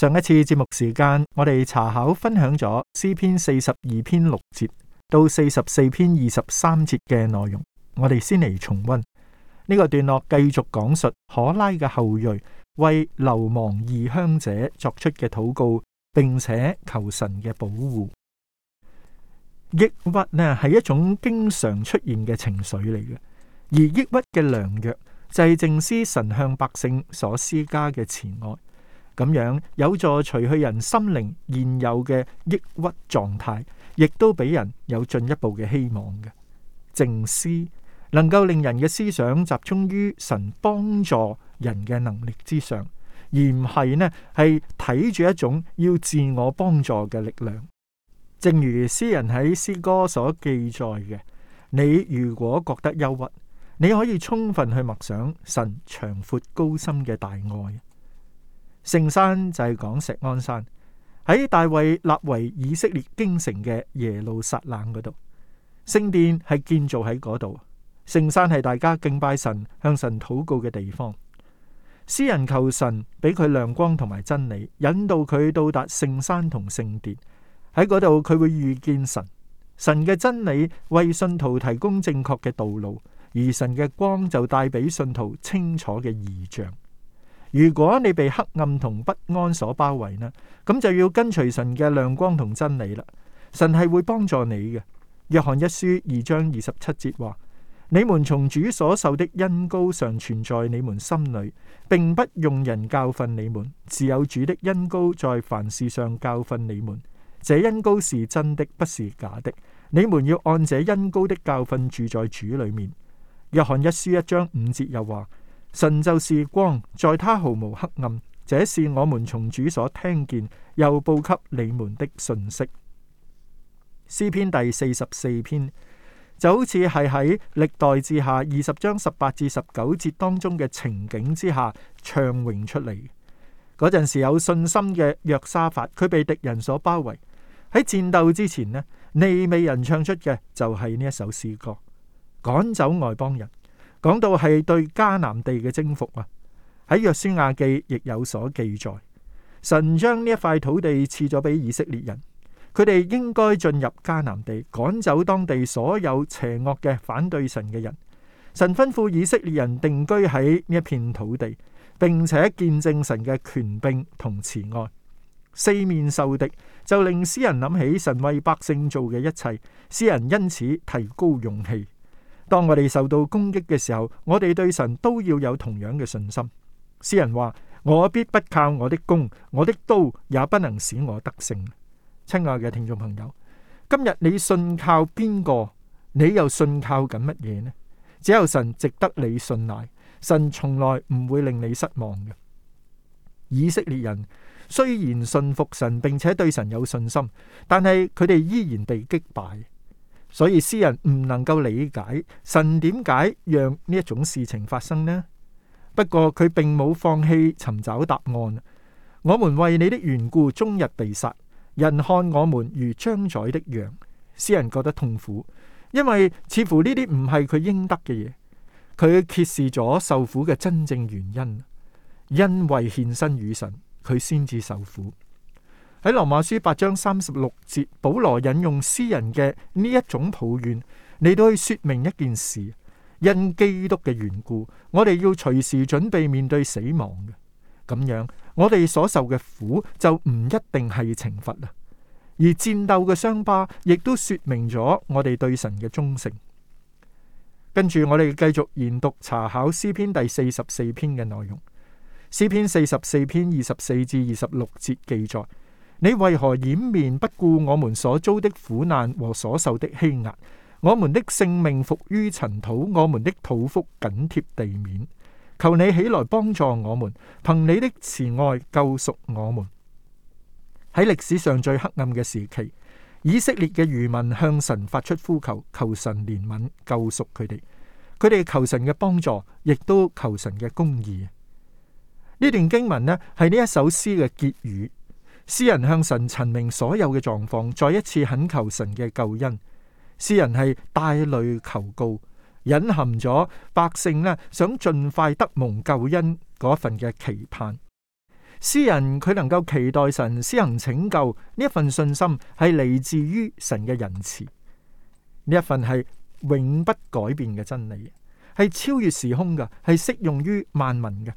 上一次節目時間，我哋查考分享咗詩篇四十二篇六節到四十四篇二十三節嘅內容。我哋先嚟重溫呢、這個段落，繼續講述可拉嘅後裔為流亡異鄉者作出嘅禱告，並且求神嘅保護。抑鬱呢係一種經常出現嘅情緒嚟嘅，而抑鬱嘅良藥，就係靜思神向百姓所施加嘅慈愛。咁樣有助除去人心靈現有嘅抑鬱狀態，亦都俾人有進一步嘅希望嘅。靜思能夠令人嘅思想集中於神幫助人嘅能力之上，而唔係呢係睇住一種要自我幫助嘅力量。正如詩人喺詩歌所記載嘅：你如果覺得憂鬱，你可以充分去默想神長闊高深嘅大愛。聖山就係講錫安山，喺大衛立為以色列京城嘅耶路撒冷嗰度，聖殿係建造喺嗰度。聖山係大家敬拜神、向神禱告嘅地方，詩人求神俾佢亮光同埋真理，引導佢到達聖山同聖殿。喺嗰度佢會遇見神，神嘅真理為信徒提供正確嘅道路，而神嘅光就帶俾信徒清楚嘅異象。如果你被黑暗同不安所包圍呢，咁就要跟隨神嘅亮光同真理啦。神係會幫助你嘅。約翰一書二章二十七節話：你們從主所受的恩膏常存在你們心裏，並不用人教訓你們，自有主的恩膏在凡事上教訓你們。這恩膏是真的，不是假的。你們要按這恩膏的教訓住在主裏面。約翰一書一章五節又話。神就是光，在他毫無黑暗。這是我們從主所聽見又報給你們的信息。詩篇第四十四篇就好似係喺歷代志下二十章十八至十九節當中嘅情景之下唱詠出嚟。嗰陣時有信心嘅約沙法，佢被敵人所包圍。喺戰鬥之前呢，利未人唱出嘅就係呢一首詩歌，趕走外邦人。講到係對迦南地嘅征服啊，喺約書亞記亦有所記載。神將呢一塊土地賜咗俾以色列人，佢哋應該進入迦南地，趕走當地所有邪惡嘅反對神嘅人。神吩咐以色列人定居喺呢一片土地，並且見證神嘅權柄同慈愛。四面受敵，就令詩人諗起神為百姓做嘅一切，詩人因此提高勇氣。當我哋受到攻擊嘅時候，我哋對神都要有同樣嘅信心。詩人話：我必不靠我的弓，我的刀也不能使我得勝。親愛嘅聽眾朋友，今日你信靠邊個？你又信靠緊乜嘢呢？只有神值得你信賴，神從來唔會令你失望嘅。以色列人雖然信服神，並且對神有信心，但係佢哋依然被擊敗。所以詩人唔能夠理解神點解讓呢一種事情發生呢？不過佢並冇放棄尋找答案。我們為你的緣故終日被殺，人看我們如將宰的羊。詩人覺得痛苦，因為似乎呢啲唔係佢應得嘅嘢。佢揭示咗受苦嘅真正原因，因為獻身與神，佢先至受苦。喺羅馬書八章三十六節，保羅引用詩人嘅呢一種抱怨，你都去說明一件事：因基督嘅緣故，我哋要隨時準備面對死亡嘅。咁樣，我哋所受嘅苦就唔一定係懲罰啦。而戰鬥嘅傷疤，亦都說明咗我哋對神嘅忠誠。跟住我哋繼續研讀查考詩篇第四十四篇嘅內容。詩篇四十四篇二十四至二十六節記載。你為何掩面不顧我們所遭的苦難和所受的欺壓？我們的性命伏於塵土，我們的肚腹緊貼地面。求你起來幫助我們，憑你的慈愛救贖我們。喺歷史上最黑暗嘅時期，以色列嘅餘民向神發出呼求，求神憐憫救贖佢哋。佢哋求神嘅幫助，亦都求神嘅公義。呢段經文呢，係呢一首詩嘅結語。詩人向神陳明所有嘅狀況，再一次懇求神嘅救恩。詩人係帶淚求告，隱含咗百姓呢想盡快得蒙救恩嗰份嘅期盼。詩人佢能夠期待神施行拯救呢一份信心，係嚟自於神嘅仁慈。呢一份係永不改變嘅真理，係超越時空嘅，係適用於萬民嘅。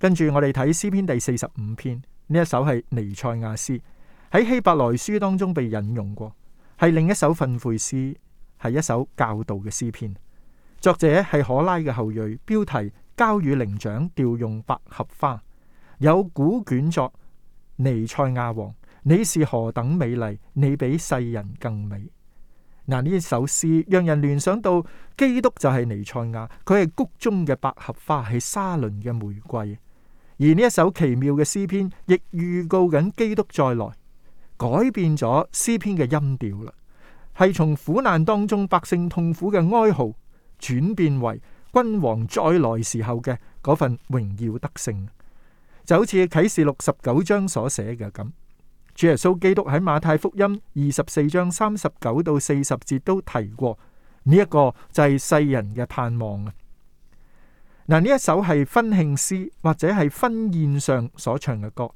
跟住我哋睇詩篇第四十五篇。呢一首係尼塞亞詩，喺希伯來書當中被引用過，係另一首訓誨詩，係一首教導嘅詩篇。作者係可拉嘅後裔，標題《交與伶長調用百合花》，有古卷作尼塞亞王。你是何等美麗，你比世人更美。嗱，呢一首詩讓人聯想到基督就係尼塞亞，佢係谷中嘅百合花，係沙崙嘅玫瑰。而呢一首奇妙嘅詩篇，亦預告緊基督再來，改變咗詩篇嘅音調啦。係從苦難當中百姓痛苦嘅哀嚎，轉變為君王再來時候嘅嗰份榮耀得勝。就好似啟示六十九章所寫嘅咁，主耶穌基督喺馬太福音二十四章三十九到四十節都提過呢，一個就係世人嘅盼望啊！嗱，呢一首係婚慶詩或者係婚宴上所唱嘅歌。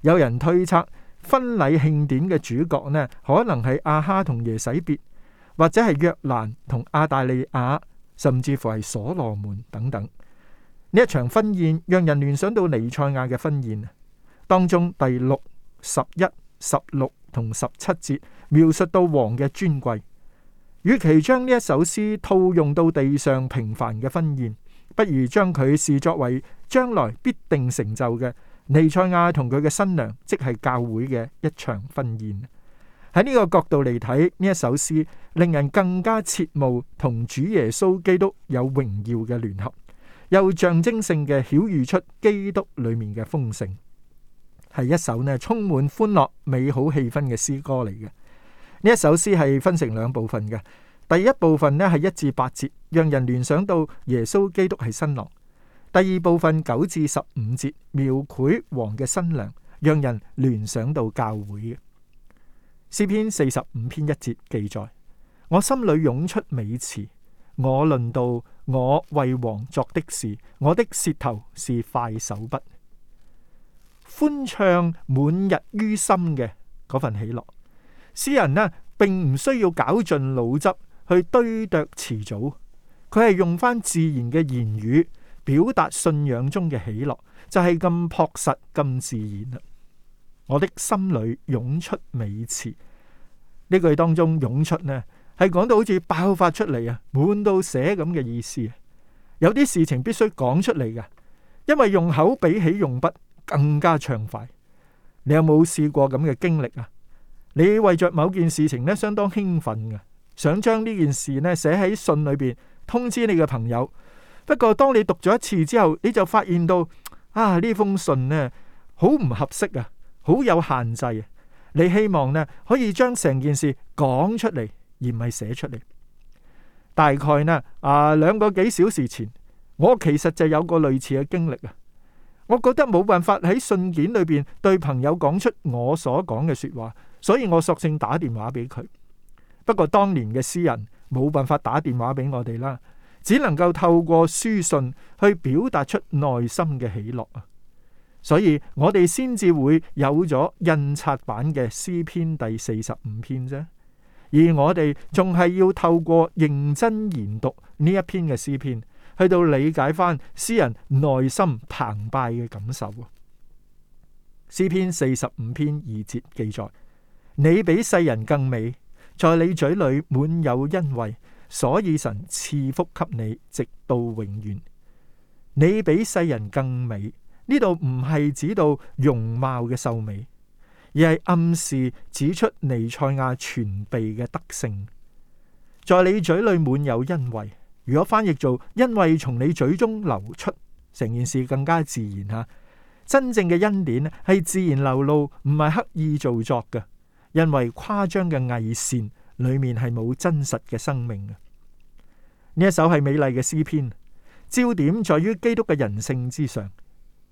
有人推測婚禮慶典嘅主角呢，可能係亞哈同耶洗別，或者係約蘭同亞大利亞，甚至乎係所羅門等等。呢一場婚宴讓人聯想到彌賽亞嘅婚宴，當中第六、十一、十六同十七節描述到王嘅尊貴。與其將呢一首詩套用到地上平凡嘅婚宴，不如將佢視作為將來必定成就嘅彌賽亞同佢嘅新娘，即係教會嘅一場婚宴。喺呢個角度嚟睇，呢一首詩，令人更加切慕同主耶穌基督有榮耀嘅聯合，又象徵性嘅曉喻出基督裏面嘅豐盛，係一首呢充滿歡樂美好氣氛嘅詩歌嚟嘅。呢一首詩係分成兩部分嘅，第一部分呢係一至八節。讓人聯想到耶穌基督係新郎。第二部分九至十五節描繪王嘅新娘，讓人聯想到教會嘅詩篇四十五篇一節記載：我心裏湧出美詞，我論到我為王作的事，我的舌頭是快手筆，歡唱滿溢於心嘅嗰份喜樂。詩人呢、啊，並唔需要絞盡腦汁去堆砌詞組。佢係用翻自然嘅言語表達信仰中嘅喜樂，就係咁樸實咁自然啦。我的心裏湧出美詞呢句當中湧出呢，係講到好似爆發出嚟啊，滿到寫咁嘅意思。有啲事情必須講出嚟噶，因為用口比起用筆更加暢快。你有冇試過咁嘅經歷啊？你為着某件事情呢，相當興奮噶，想將呢件事呢寫喺信裏邊。通知你嘅朋友。不過當你讀咗一次之後，你就發現到啊呢封信呢好唔合適啊，好有限制啊。你希望呢可以將成件事講出嚟，而唔係寫出嚟。大概呢啊兩個幾小時前，我其實就有個類似嘅經歷啊。我覺得冇辦法喺信件裏邊對朋友講出我所講嘅說話，所以我索性打電話俾佢。不過當年嘅詩人。冇辦法打電話俾我哋啦，只能夠透過書信去表達出內心嘅喜樂啊！所以我哋先至會有咗印刷版嘅詩篇第四十五篇啫，而我哋仲係要透過認真研讀呢一篇嘅詩篇，去到理解返詩人內心澎湃嘅感受。詩篇四十五篇二節記載：你比世人更美。在你嘴裏滿有恩惠，所以神賜福給你，直到永遠。你比世人更美。呢度唔係指到容貌嘅秀美，而係暗示指出尼賽亞全備嘅德性。在你嘴裏滿有恩惠，如果翻譯做因為從你嘴中流出，成件事更加自然吓。真正嘅恩典係自然流露，唔係刻意做作㗎。因為誇張嘅偽善裏面係冇真實嘅生命嘅。呢一首係美麗嘅詩篇，焦點在於基督嘅人性之上。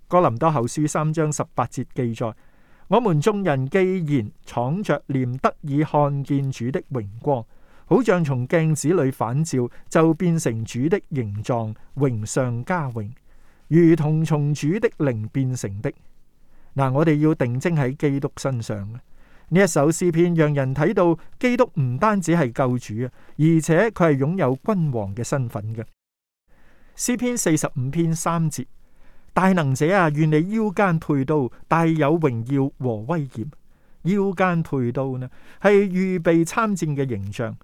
哥林多後書三章十八節記載：我們眾人既然敞着臉得以看見主的榮光，好像從鏡子裏反照，就變成主的形狀，榮上加榮，如同從主的靈變成的。嗱，呃，我哋要定睛喺基督身上。呢一首詩篇，讓人睇到基督唔單止係救主啊，而且佢係擁有君王嘅身份嘅。詩篇四十五篇三節：大能者啊，願你腰間佩刀，帶有榮耀和威嚴。腰間佩刀呢，係預備參戰嘅形象，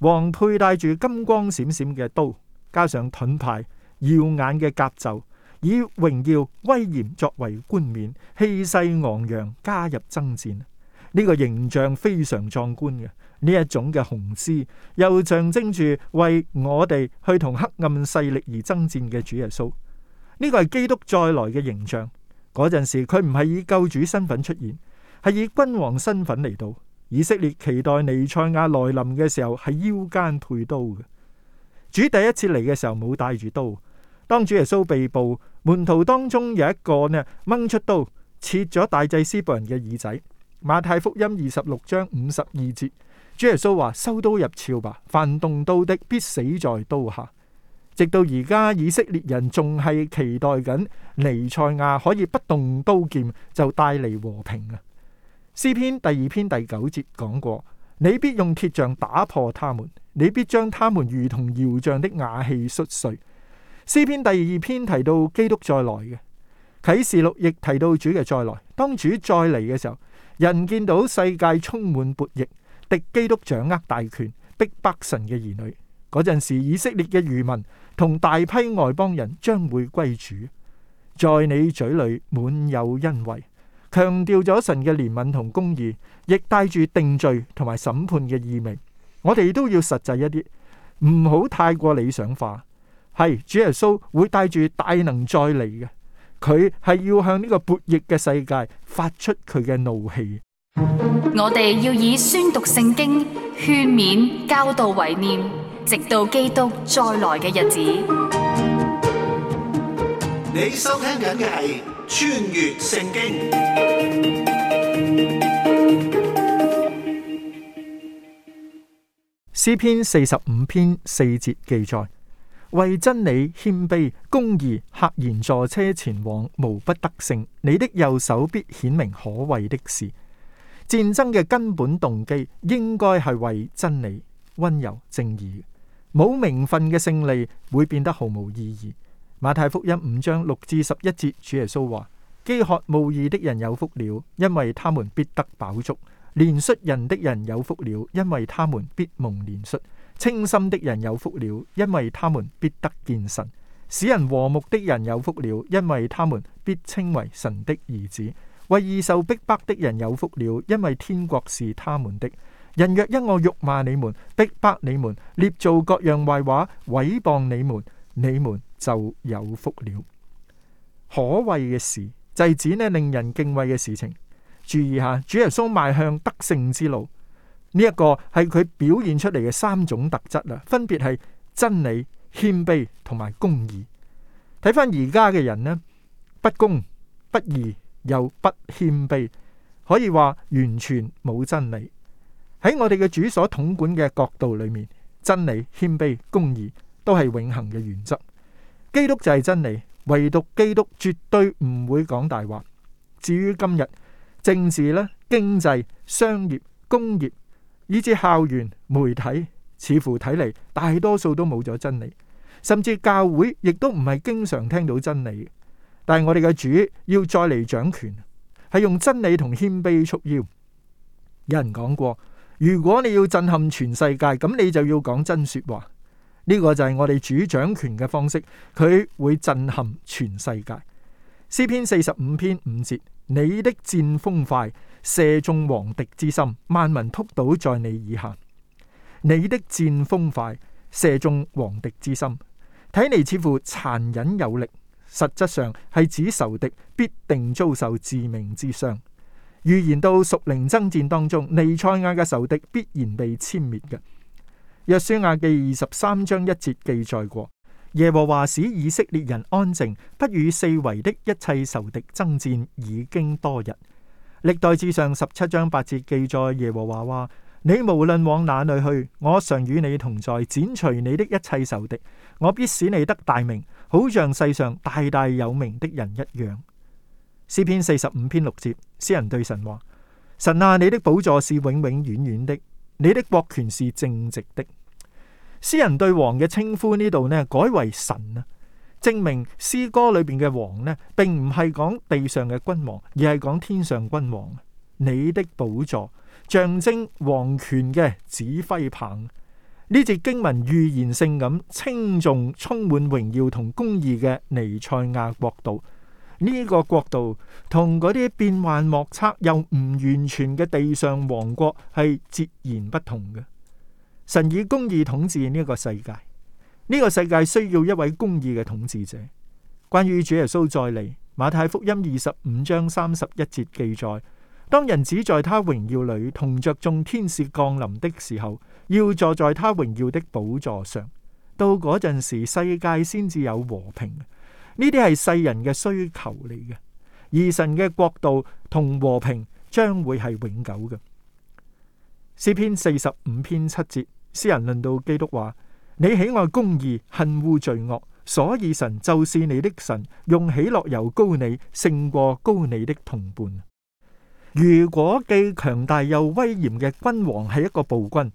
王佩戴住金光閃閃嘅刀，加上盾牌、耀眼嘅甲袖，以榮耀威嚴作為冠冕，氣勢昂揚，加入爭戰。呢個形象非常壯觀嘅呢一種嘅雄獅，又象徵住為我哋去同黑暗勢力而爭戰嘅主耶穌。呢、這個係基督再來嘅形象。嗰陣時佢唔係以救主身份出現，係以君王身份嚟到。以色列期待彌賽亞來臨嘅時候係腰間佩刀嘅。主第一次嚟嘅時候冇帶住刀。當主耶穌被捕，門徒當中有一個呢掹出刀，切咗大祭司僕人嘅耳仔。馬太福音二十六章五十二節，主耶穌話：收刀入鞘吧，凡動刀的必死在刀下。直到而家，以色列人仲係期待緊彌賽亞可以不動刀劍就帶嚟和平啊。詩篇第二篇第九節講過：你必用鐵杖打破他們，你必將他們如同窯匠的瓦器摔碎。詩篇第二篇提到基督再來嘅啟示錄亦提到主嘅再來。當主再嚟嘅時候。人見到世界充滿悖逆，敵基督掌握大權，逼迫神嘅兒女。嗰陣時，以色列嘅餘民同大批外邦人將會歸主。在你嘴裏滿有恩惠，強調咗神嘅憐憫同公義，亦帶住定罪同埋審判嘅意味。我哋都要實際一啲，唔好太過理想化。係主耶穌會帶住大能再嚟嘅。佢係要向呢個悖逆嘅世界發出佢嘅怒氣。我哋要以宣讀聖經、勸勉、教導、為念，直到基督再來嘅日子。你收聽緊嘅係《穿越聖經》 詩篇四十五篇四節記載。為真理謙卑公義，赫然坐車前往，無不得勝，你的右手必顯明可畏的事。戰爭嘅根本動機應該係為真理温柔正義，冇名分嘅勝利會變得毫無意義。馬太福音五章六至十一節主耶穌話，飢渴慕義的人有福了，因為他們必得飽足憐恤人的人有福了，因為他們必蒙憐恤。」清心的人有福了，因為他們必得見神；使人和睦的人有福了，因為他們必稱為神的兒子；為義受逼迫的人有福了，因為天國是他們的。人若因我辱罵你們、逼迫你們、捏造各樣壞話、毀謗你們，你們就有福了。可畏嘅事，就係指令人敬畏嘅事情。注意下，主耶穌邁向得勝之路。呢一個係佢表現出嚟嘅三種特質啦，分別係真理、謙卑同埋公義。睇翻而家嘅人呢，不公不義又不謙卑，可以話完全冇真理。喺我哋嘅主所統管嘅角度裏面，真理、謙卑、公義都係永恆嘅原則。基督就係真理，唯獨基督絕對唔會講大話。至於今日政治啦、經濟、商業、工業。以至校園媒體，似乎睇嚟，大多數都冇咗真理，甚至教會亦都唔係經常聽到真理。但係我哋嘅主要再嚟掌權，係用真理同謙卑束腰。有人講過，如果你要震撼全世界，咁你就要講真說話。呢個就係我哋主掌權嘅方式，佢會震撼全世界。詩篇四十五篇五節：你的箭鋒快，射中王敵之心，萬民仆倒在你以下。你的箭鋒快，射中王敵之心，睇嚟，似乎殘忍有力，實質上係指仇敵必定遭受致命之傷。預言到屬靈爭戰當中，彌賽亞嘅仇敵必然被殲滅嘅。約書亞記二十三章一節記載過。.耶和華使以色列人安靜，不與四圍的一切仇敵爭戰，已經多日。歷代志上十七章八節記載，耶和華話：你無論往哪裏去，我常與你同在，剪除你的一切仇敵。我必使你得大名，好像世上大大有名的人一樣。詩篇四十五篇六節，詩人對神話：神啊，你的寶座是永永遠遠的，你的國權是正直的。詩人對王嘅稱呼呢度呢，改為神啊，證明詩歌裏邊嘅王呢，並唔係講地上嘅君王，而係講天上君王。你的寶座，象徵王權嘅指揮棒。呢節經文預言性咁，稱頌充滿榮耀同公義嘅尼塞亞國度。呢個國度同嗰啲變幻莫測又唔完全嘅地上王國係截然不同嘅。神以公義統治呢個世界，呢、這個世界需要一位公義嘅統治者。關於主耶穌再嚟，馬太福音二十五章三十一節記載：當人子在他榮耀裏同着眾天使降臨的時候，要坐在他榮耀的寶座上。到嗰陣時，世界先至有和平。呢啲係世人嘅需求嚟嘅，而神嘅國度同和，和平將會係永久嘅。詩篇四十五篇七節，詩人論到基督話：你喜愛公義，恨惡罪惡，所以神就是你的神，用喜樂油膏你勝過膏你的同伴。如果既強大又威嚴嘅君王係一個暴君，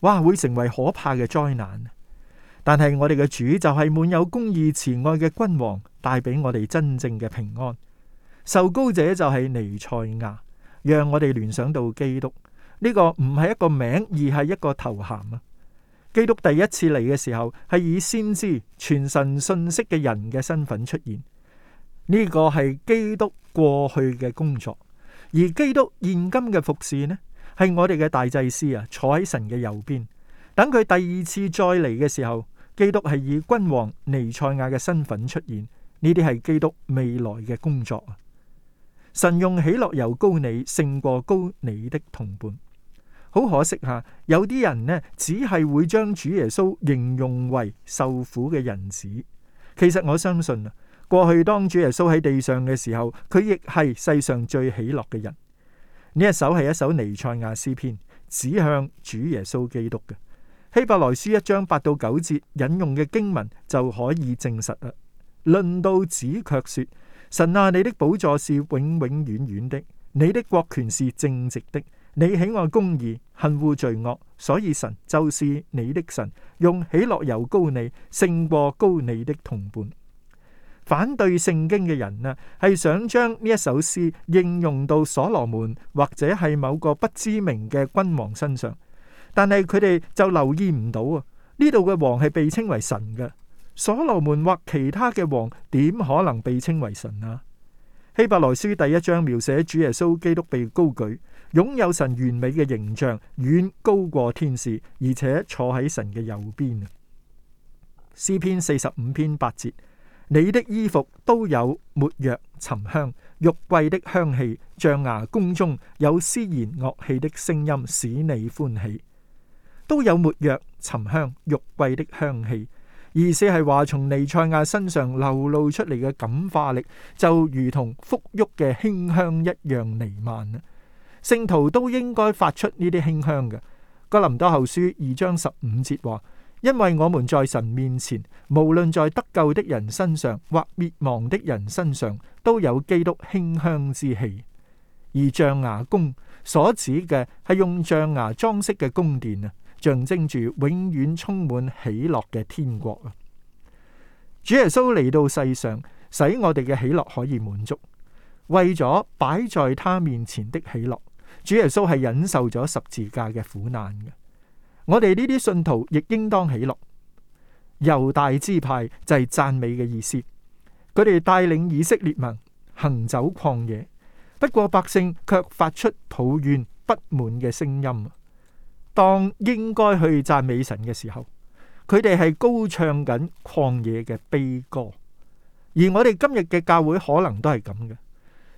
哇，會成為可怕嘅災難。但係我哋嘅主就係滿有公義慈愛嘅君王，帶俾我哋真正嘅平安。受膏者就係彌賽亞，讓我哋聯想到基督。呢個唔係一個名，而係一個頭銜啊。基督第一次嚟嘅時候，係以先知傳神信息嘅人嘅身份出現。呢、這個係基督過去嘅工作，而基督現今嘅服侍呢，係我哋嘅大祭司啊，坐喺神嘅右邊，等佢第二次再嚟嘅時候，基督係以君王彌賽亞嘅身份出現。呢啲係基督未來嘅工作啊。神用喜樂油膏你，勝過膏你的同伴。好可惜吓，有啲人呢，只係會將主耶穌形容為受苦嘅人子。其實我相信啊，過去當主耶穌喺地上嘅時候，佢亦係世上最喜樂嘅人。呢一首係一首彌賽亞詩篇，指向主耶穌基督嘅希伯來書一章八到九節引用嘅經文就可以證實啦。論到子卻說：神啊，你的寶座是永永遠遠,遠的，你的國權是正直的。你喜愛公義，恨惡罪惡，所以神就是你的神，用喜樂油膏你，勝過膏你的同伴。反對聖經嘅人呢，係想將呢一首詩應用到所羅門或者係某個不知名嘅君王身上，但係佢哋就留意唔到啊。呢度嘅王係被稱為神嘅，所羅門或其他嘅王點可能被稱為神啊？希伯來書第一章描寫主耶穌基督被高舉。擁有神完美嘅形象，遠高過天使，而且坐喺神嘅右邊。詩篇四十五篇八節：你的衣服都有沒藥沉香、玉桂的香氣；象牙宮中有絲弦樂器的聲音，使你歡喜。都有沒藥沉香、玉桂的香氣。意思係話，從尼賽亞身上流露出嚟嘅感化力，就如同馥郁嘅馨香一樣瀰漫。聖徒都應該發出呢啲馨香嘅。哥林多後書二章十五節話：因為我們在神面前，無論在得救的人身上或滅亡的人身上，都有基督馨香之氣。而象牙宮所指嘅係用象牙裝飾嘅宮殿啊，象徵住永遠充滿喜樂嘅天國啊。主耶穌嚟到世上，使我哋嘅喜樂可以滿足，為咗擺在他面前的喜樂。主耶穌係忍受咗十字架嘅苦難嘅，我哋呢啲信徒亦應當喜樂。猶大支派就係讚美嘅意思，佢哋帶領以色列民行走曠野，不過百姓卻發出抱怨不滿嘅聲音。當應該去讚美神嘅時候，佢哋係高唱緊曠野嘅悲歌，而我哋今日嘅教會可能都係咁嘅。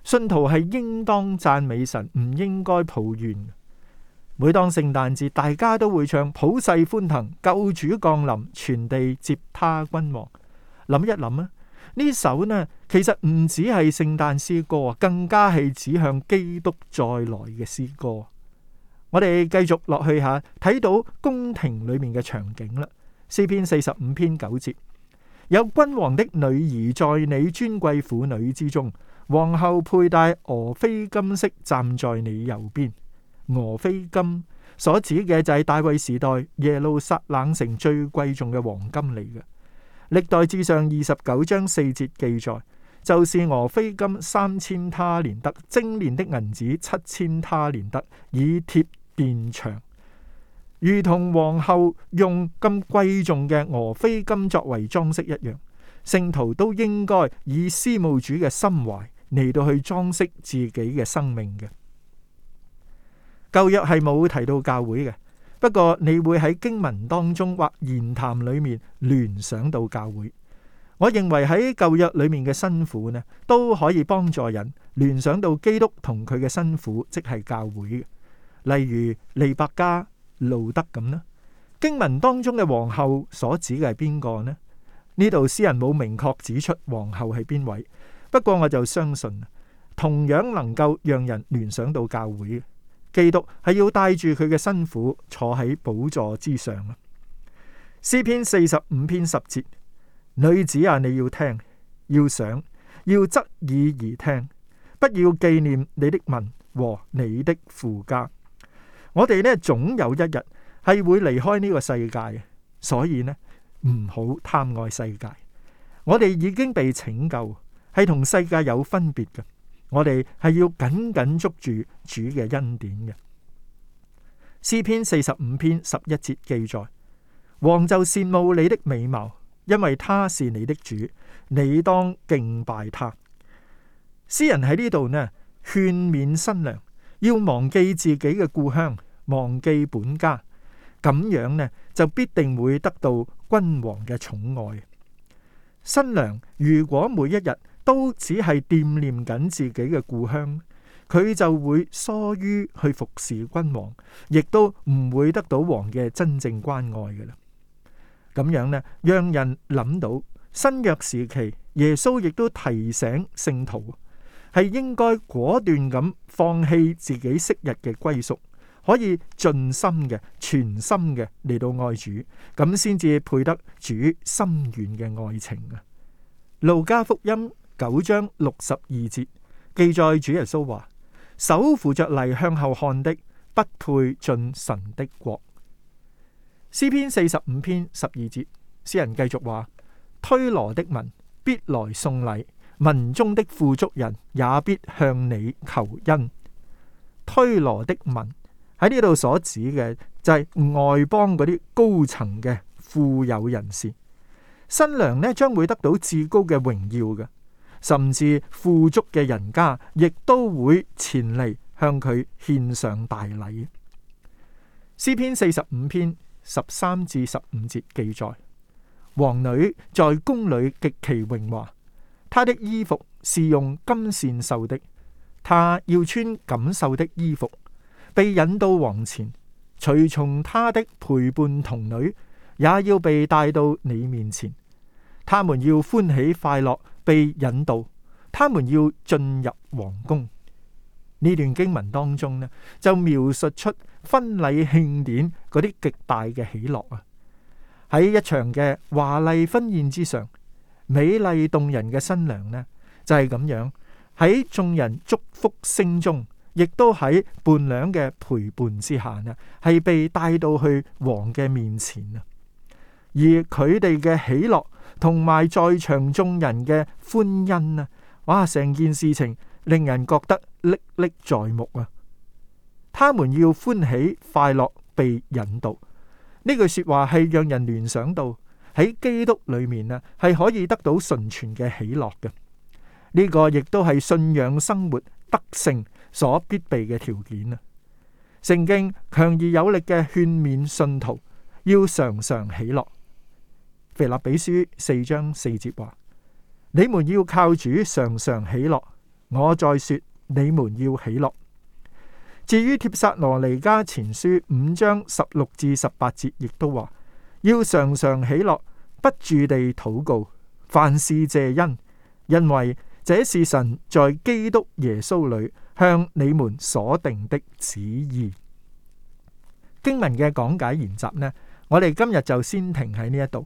信徒係應當讚美神，唔應該抱怨。每當聖誕節，大家都會唱《普世歡騰》，救主降臨，全地接他君王。諗一諗啊，呢首呢其實唔只係聖誕詩歌啊，更加係指向基督再來嘅詩歌。我哋繼續落去下，睇到宮廷裏面嘅場景啦。詩篇四十五篇九節，有君王的女兒在你尊貴婦女之中。皇后佩戴俄非金飾，站在你右邊。俄非金所指嘅就係大衛時代耶路撒冷城最貴重嘅黃金嚟嘅。歷代志上二十九章四節記載，就是俄非金三千他連得精煉的銀子七千他連得以貼殿牆。如同皇后用咁貴重嘅俄非金作為裝飾一樣，聖徒都應該以施牧主嘅心懷嚟到去裝飾自己嘅生命嘅。舊約係冇提到教會嘅，不過你會喺經文當中或言談裏面聯想到教會。我認為喺舊約裏面嘅新婦呢，都可以幫助人聯想到基督同佢嘅新婦，即係教會。例如利百加、路德咁呢，經文當中嘅皇后所指嘅係邊個呢？呢度詩人冇明確指出皇后係邊位。不過我就相信，同樣能夠讓人聯想到教會嘅基督係要帶住佢嘅辛苦坐喺寶座之上啊。詩篇四十五篇十節，女子啊，你要聽，要想，要側耳而聽，不要紀念你的民和你的父家。我哋咧總有一日係會離開呢個世界嘅，所以呢，唔好貪愛世界。我哋已經被拯救。係同世界有分別嘅，我哋係要緊緊捉住主嘅恩典嘅。詩篇四十五篇十一節記載：王就羨慕你的美貌，因為他是你的主，你當敬拜他。詩人喺呢度呢勸勉新娘，要忘記自己嘅故鄉，忘記本家，咁樣呢就必定會得到君王嘅寵愛。新娘如果每一日，都只係惦念緊自己嘅故鄉，佢就會疏於去服侍君王，亦都唔會得到王嘅真正關愛嘅啦。咁樣呢，讓人諗到新約時期，耶穌亦都提醒聖徒係應該果斷咁放棄自己昔日嘅歸宿，可以盡心嘅、全心嘅嚟到愛主，咁先至配得主深遠嘅愛情啊！路加福音，九章六十二節記載，主耶穌話：手扶着犁向後看的，不配進神的國。詩篇四十五篇十二節，詩人繼續話：推羅的民必來送禮，民中的富足人也必向你求恩。推羅的民喺呢度所指嘅就係外邦嗰啲高層嘅富有人士，新娘呢將會得到至高嘅榮耀嘅。甚至富足嘅人家，亦都會前嚟向佢獻上大禮。詩篇四十五篇十三至十五節記載，王女在宮裏極其榮華，她的衣服是用金線繡的，她要穿錦繡的衣服，被引到王前，隨從她的陪伴童女，也要被帶到你面前，他們要歡喜快樂。被引導，他們要進入皇宮。呢段經文當中呢，就描述出婚禮慶典嗰啲極大嘅喜樂啊！喺一場嘅華麗婚宴之上，美麗動人嘅新娘呢，就係咁樣喺眾人祝福聲中，亦都喺伴娘嘅陪伴之下呢，係被帶到去王嘅面前啊。而佢哋嘅喜樂。同埋在場眾人嘅歡欣啊，哇！成件事情令人覺得歷歷在目啊。他們要歡喜快樂，被引導。呢句說話係讓人聯想到喺基督裏面啊，係可以得到純全嘅喜樂嘅。呢、這個亦都係信仰生活得勝所必備嘅條件啊。聖經強而有力嘅勸勉信徒要常常喜樂。腓立比書四章四節話：你們要靠主常常喜樂。我再說，你們要喜樂。至於帖撒羅尼迦前書五章十六至十八節，亦都話要常常喜樂，不住地禱告，凡事謝恩，因為這是神在基督耶穌裡向你們所定的旨意。經文嘅講解研習呢，我哋今日就先停喺呢一度。